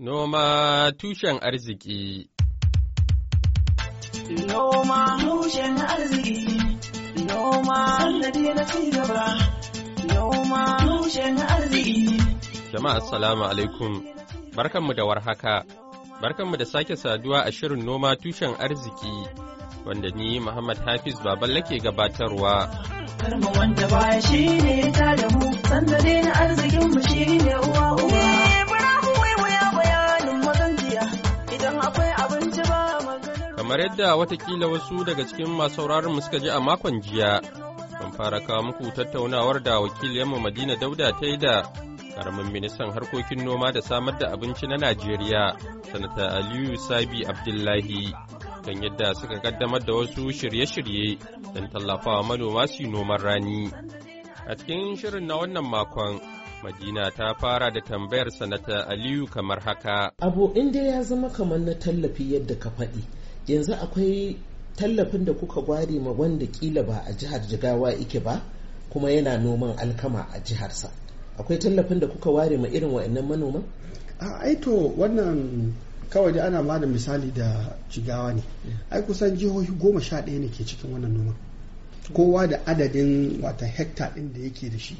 Noma tushen arziki Noma tushen arziki Noma sannadi na cigaba Noma tushen arziki Jama'a assalamu alaikum barkanmu da warhaka barkanmu da sake saduwa a shirin noma tushen arziki wanda ni Muhammad Hafiz baban lake gabatarwa Karma wanda baya shi ne ta da mu sannadi na arzikin mu shi ne uwa uwa kamar yadda watakila wasu daga cikin masu mu suka ji a makon jiya mun fara kawo muku tattaunawar da wakiliyarmu madina dauda ta yi da karamin ministan harkokin noma da samar da abinci na najeriya sanata aliyu sabi abdullahi kan yadda suka kaddamar da wasu shirye-shirye don tallafawa manoma su noman rani a cikin shirin na wannan makon Madina ta fara da tambayar sanata Aliyu kamar haka. Abu inda ya zama kamar na tallafi yadda ka faɗi, yanzu akwai tallafin da kuka gware ma wanda kila ba a jihar jigawa ike ba kuma yana noman alkama a jiharsa akwai tallafin da kuka ware ma irin wa'annan manoman a aito wannan kawai da ana bada misali da jigawa ne mm. ai kusan jihohi goma sha ɗaya ne ke cikin wannan noman kowa da adadin wata hekta ɗin da yake da shi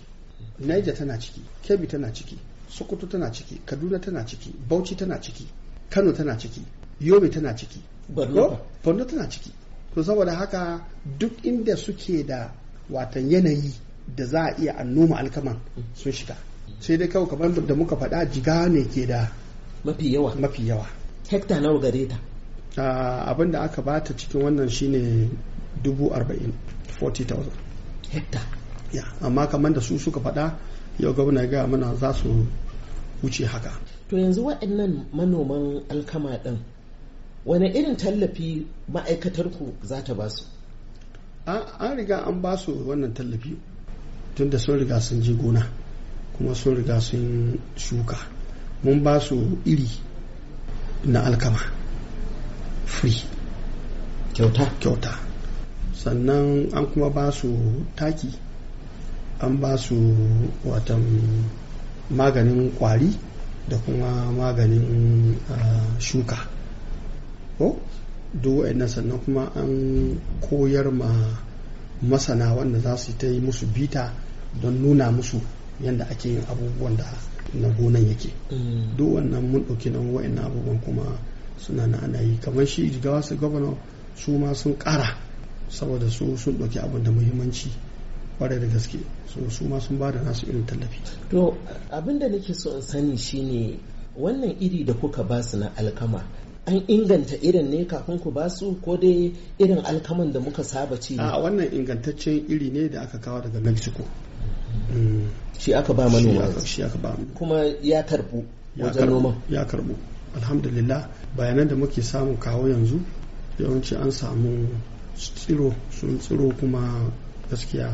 Niger tana ciki kebbi tana ciki sokoto tana ciki kaduna tana ciki bauchi tana ciki kano tana ciki yobe tana ciki barno barno tana ciki to saboda haka duk inda suke da watan yanayi da za a iya annoma alkaman sun shiga sai dai kawai kamar da muka faɗa jiga ne ke da mafi yawa mafi yawa hekta nawa gare ta ah, abin da aka bata cikin wannan shine dubu arba'in 40,000 hekta ya amma kamar da su suka faɗa yau gwamna ga mana za su wuce haka to yanzu waɗannan manoman alkama ɗin wane irin tallafi ma'aikatarku za ta ba su an riga an ba su wannan tallafi tun da sun riga sun je gona kuma sun riga sun shuka mun ba su iri na alkama free kyauta kyauta sannan an kuma ba su taki an ba su watan maganin kwari da kuma maganin uh, shuka ko duk wa'annan sannan kuma an koyar ma masana wanda za su ta yi musu bita don nuna musu yadda ake yin abubuwan da na gonan yake mm. duk wannan mun ɗauki nan wa'annan abubuwan kuma suna na ana yi kamar shi ga su gwamna su ma sun ƙara saboda su sun ɗauki abin da muhimmanci kwarai da gaske so su ma sun bada nasu irin tallafi to abin da nake so in sani shine wannan iri da kuka ba su na alkama an inganta irin ne kafin ku ba su ko dai irin alkaman da muka saba ci a wannan ingantaccen iri ne da aka kawo daga mexico mm. shi aka ba manoma shi aka ba kuma ya karbu wajen noma ya karbu alhamdulillah bayanan da muke samu kawo yanzu yawanci an samu tsiro sun tsiro kuma gaskiya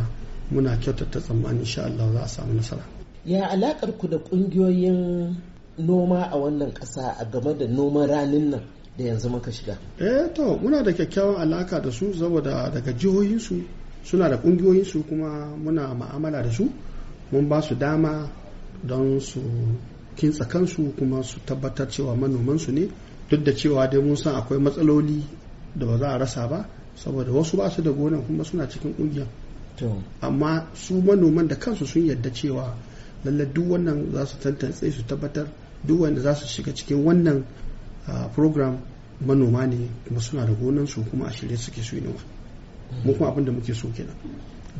muna kyautata tsammanin sha Allah za a samu nasara ya alakar ku da ƙungiyoyin. noma a wannan ƙasa a game da noman ranin nan da yanzu muka shiga eh to muna da kyakkyawan alaka da su saboda daga jihohinsu suna da ƙungiyoyinsu kuma muna ma'amala da su mun ba su dama don su kintsa kansu kuma su tabbatar cewa manomansu ne duk da cewa dai mun san akwai matsaloli da ba za a rasa ba saboda wasu ba su da gonan kuma suna cikin ƙungiyar amma su manoman da kansu sun yadda cewa lallai duk wannan za su tantance su tabbatar duk wanda za su shiga cikin wannan program manoma ne kuma suna da gonan su kuma a shirye suke su yi mu kuma abin da muke so kenan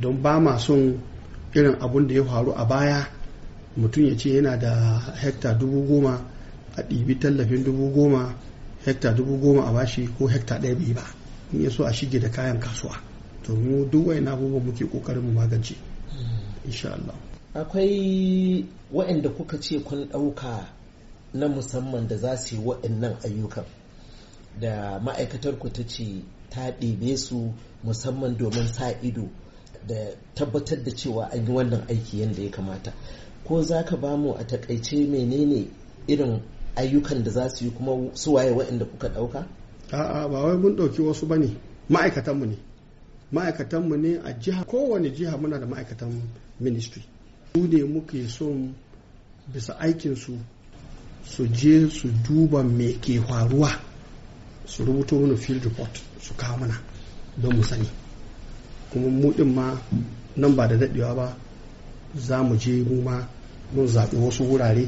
don ba ma son irin abun da ya faru a baya mutum ya ce yana da hekta dubu goma a ɗibi tallafin dubu goma hekta dubu goma a bashi ko hekta ɗaya bai ba in ya so a shige da kayan kasuwa to mu duk wa'in abubuwan muke ƙoƙarin mu magance hmm. insha Allah akwai waɗanda kuka ce kun ɗauka na musamman da za su yi waɗannan ayyukan da ma'aikatar ku ta ce ta ɗebe su musamman domin sa ido da tabbatar da cewa an yi wannan aiki yadda ya kamata ko za ka ba mu a takaice menene irin ayyukan da za su yi kuma su waye waɗanda kuka ɗauka? a'a ba wai mun ɗauki wasu ba ne ma'aikatanmu ne ma'aikatanmu ne a jiha kowane jiha muna da ma'aikatan ministry su ne muke son bisa aikinsu su je su duba me ke faruwa su rubuto mana field report su kawo mana don mu sani kuma mu ma nan ba da daɗewa ba za mu je mu ma mun zaɓi wasu wurare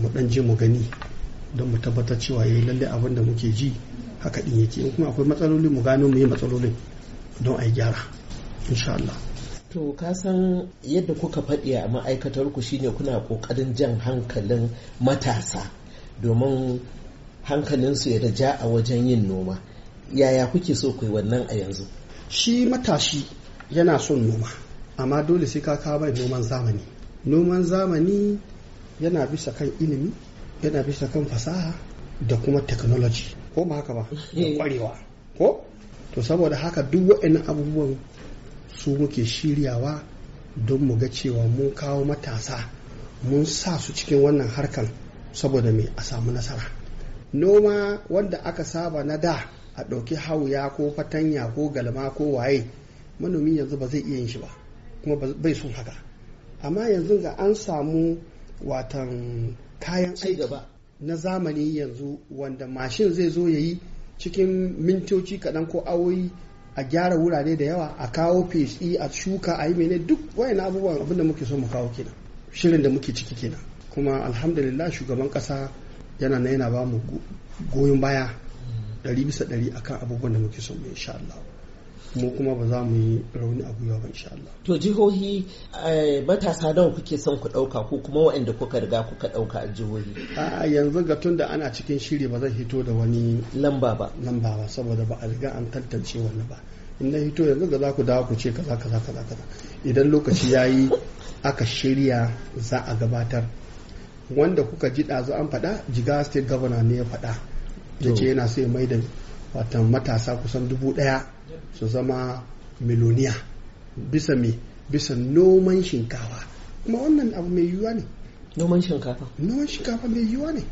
mu ɗan je mu gani don mu tabbatar cewa yayi eh, lalle abin da muke ji haka ɗin yake in kuma akwai matsaloli mu gano mu yi matsalolin don a yi gyara insha Allah To ka san yadda kuka faɗi a ma'aikatar ku shine kuna ƙoƙarin jan hankalin matasa domin hankalinsu ya da ja a wajen yin noma. Yaya kuke so ku yi wannan a yanzu? Shi matashi yana son noma, amma dole sai ka kawo mai noman zamani. Noman zamani yana bisa kan ilimi, yana bisa kan fasaha da kuma technology. Ko ba haka ba? Da kwarewa. Ko? To saboda haka duk waɗannan abubuwan su muke shiryawa don mu ga cewa mun kawo matasa mun sa su cikin wannan harkan saboda mai a samu nasara noma wanda aka saba na da a ɗauki hauya ko fatanya ko galma ko waye manomi yanzu ba zai iya yin shi ba kuma bai son haka amma yanzu ga an samu watan kayan aiki na zamani yanzu wanda mashin zai zo ya yi cikin mintoci kaɗan ko awoyi a gyara wurare da yawa a kawo feshi a shuka a yi mene duk wayan abubuwan abin da muke so mu kawo kenan shirin da muke ciki kenan kuma alhamdulillah shugaban kasa yana na yana ba mu goyon baya ɗari bisa ɗari akan abubuwan da muke so mu insha Allah mu kuma ba za mu yi rauni a gwiwa ba insha Allah. To jihohi eh, matasa nawa kuke son ku ɗauka ko kuma waɗanda kuka riga kuka ɗauka a jihohi? A yanzu ga tun da ana cikin shiri ba zan hito da wani lamba ba. Lamba ba saboda ba a riga an tantance wani ba. In na hito yanzu ga za ku dawo ku ce kaza kaza kaza kaza. Idan lokaci ya yi aka shirya za a gabatar. Wanda kuka ji ɗazu an faɗa jiga state governor ne ya faɗa. Da ce yana so ya mai da watan matasa kusan dubu ɗaya su zama miloniya bisa mi bisa noman shinkafa kuma wannan abu mai yiwuwa ne noman shinkafa noman shinkafa mai yiwuwa ne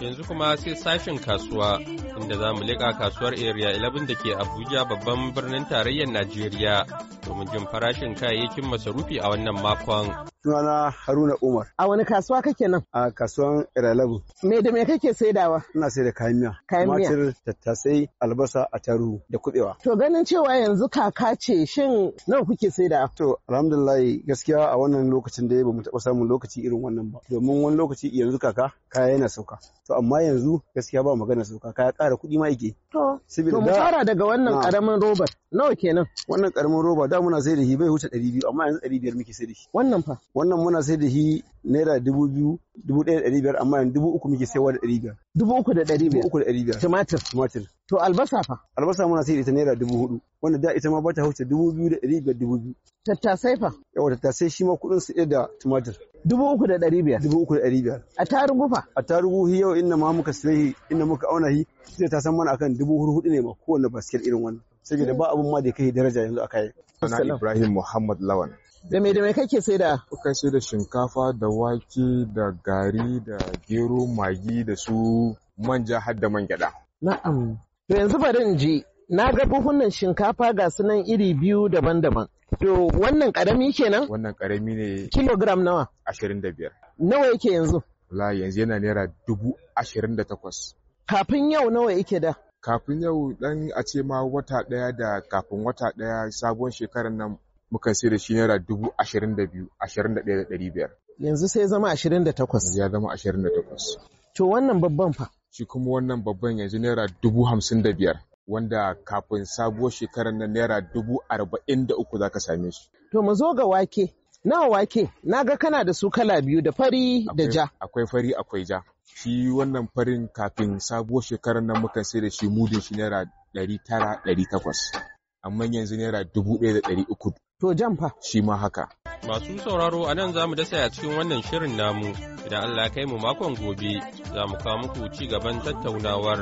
yanzu kuma sai sashen kasuwa inda za mu leƙa kasuwar area 11 da ke abuja babban birnin tarayyar najeriya mu jin farashin kayayyakin masarufi a wannan makon. Sunana Haruna Umar. A wani kasuwa kake nan? A kasuwan Iralabu. Me da me kake saidawa? Ina sai da kayan miya. Kayan miya. Tumatir, tattasai, albasa, attaruhu da kubewa. To ganin cewa yanzu kaka ce shin nawa kuke saidawa? To alhamdulillah gaskiya a wannan lokacin da ba mu taɓa samun lokaci irin wannan ba. Domin wani lokaci yanzu kaka kaya yana sauka. To amma yanzu gaskiya ba magana sauka kaya ƙara kuɗi ma yake. To. To mu fara daga wannan ƙaramin robar. Nawa kenan? Wannan ƙaramin roba da muna sai da shi bai wuce ɗari biyu amma yanzu ɗari biyar muke sai da shi wannan fa wannan muna sai da shi naira dubu biyu dubu ɗaya da ɗari biyar amma yanzu dubu uku muke sai da ɗari biyar dubu uku da ɗari biyar dubu uku da ɗari biyar tumatir tumatir to albasa fa albasa muna sai da ita naira dubu hudu wanda da ita ma ba ta huce dubu biyu da ɗari biyar dubu biyu tattasai fa yawa tattasai shi ma kuɗin su da tumatir dubu uku da ɗari biyar dubu uku da ɗari biyar a tarugu fa a tarugu yau inda ma muka sai inda muka auna hi sai ta san mana akan dubu hudu ne ma kowanne basket irin wannan saboda ba abun ma da kai daraja yanzu yi. sana Ibrahim Muhammad Lawan da me da me kake sai da kuka sai da shinkafa da wake da gari da gero magi da su manja har da man gyada na'am to yanzu bari in ji na ga buhunan shinkafa ga su nan iri biyu daban-daban to wannan karami kenan wannan karami ne kilogram nawa 25 nawa yake yanzu la yanzu yana naira dubu ashirin da takwas kafin yau nawa yake da kafin yau dan a ce ma wata daya da kafin wata daya sabuwar shekarar nan muka sai da shi naira dubu ashirin da biyu ashirin da ɗaya da ɗari biyar. Yanzu sai zama ashirin da takwas. Ya zama ashirin da takwas. To wannan babban fa. Shi kuma wannan babban yanzu naira dubu hamsin da biyar. Wanda kafin sabuwar shekarar nan naira dubu arba'in da uku za ka same shi. To mu zo ga wake. nawa wake na ga kana da su kala biyu da fari da ja akwai fari akwai ja shi wannan farin kafin sabuwar shekarar nan muka sai da shi mudin shi naira ɗari tara ɗari takwas amma yanzu naira dubu ɗaya da ɗari uku to jan fa shi ma haka Masu sauraro a nan za mu dasa a cikin wannan shirin namu, idan Allah kai mu makon gobe za mu kawo muku ci gaban tattaunawar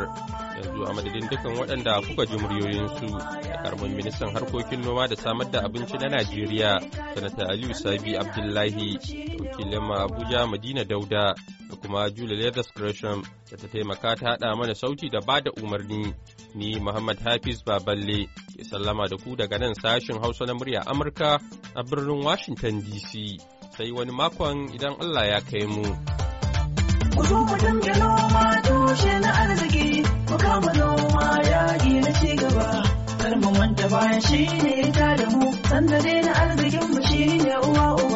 yanzu a madadin dukan waɗanda kuka ji muryoyinsu da karamin ministan harkokin noma da samar da abinci na Najeriya, Sanata Aliyu Sabi Abdullahi, wakilin ma Abuja Madina Dauda da kuma Julia Leathers Gresham da ta taimaka ta haɗa mana sauti da ba da umarni. Ni Muhammad Hafiz Baballe ke sallama da ku daga nan sashin Hausa na murya Amurka a birnin Washington Washington DC. Sai wani makon idan Allah ya kai mu. Ku zo mu noma tushe na arziki, ku kama noma yaƙi na ci gaba. Kar mu manta bayan shi ne ta da mu, sanda na arzikin mu shi ne uwa uwa.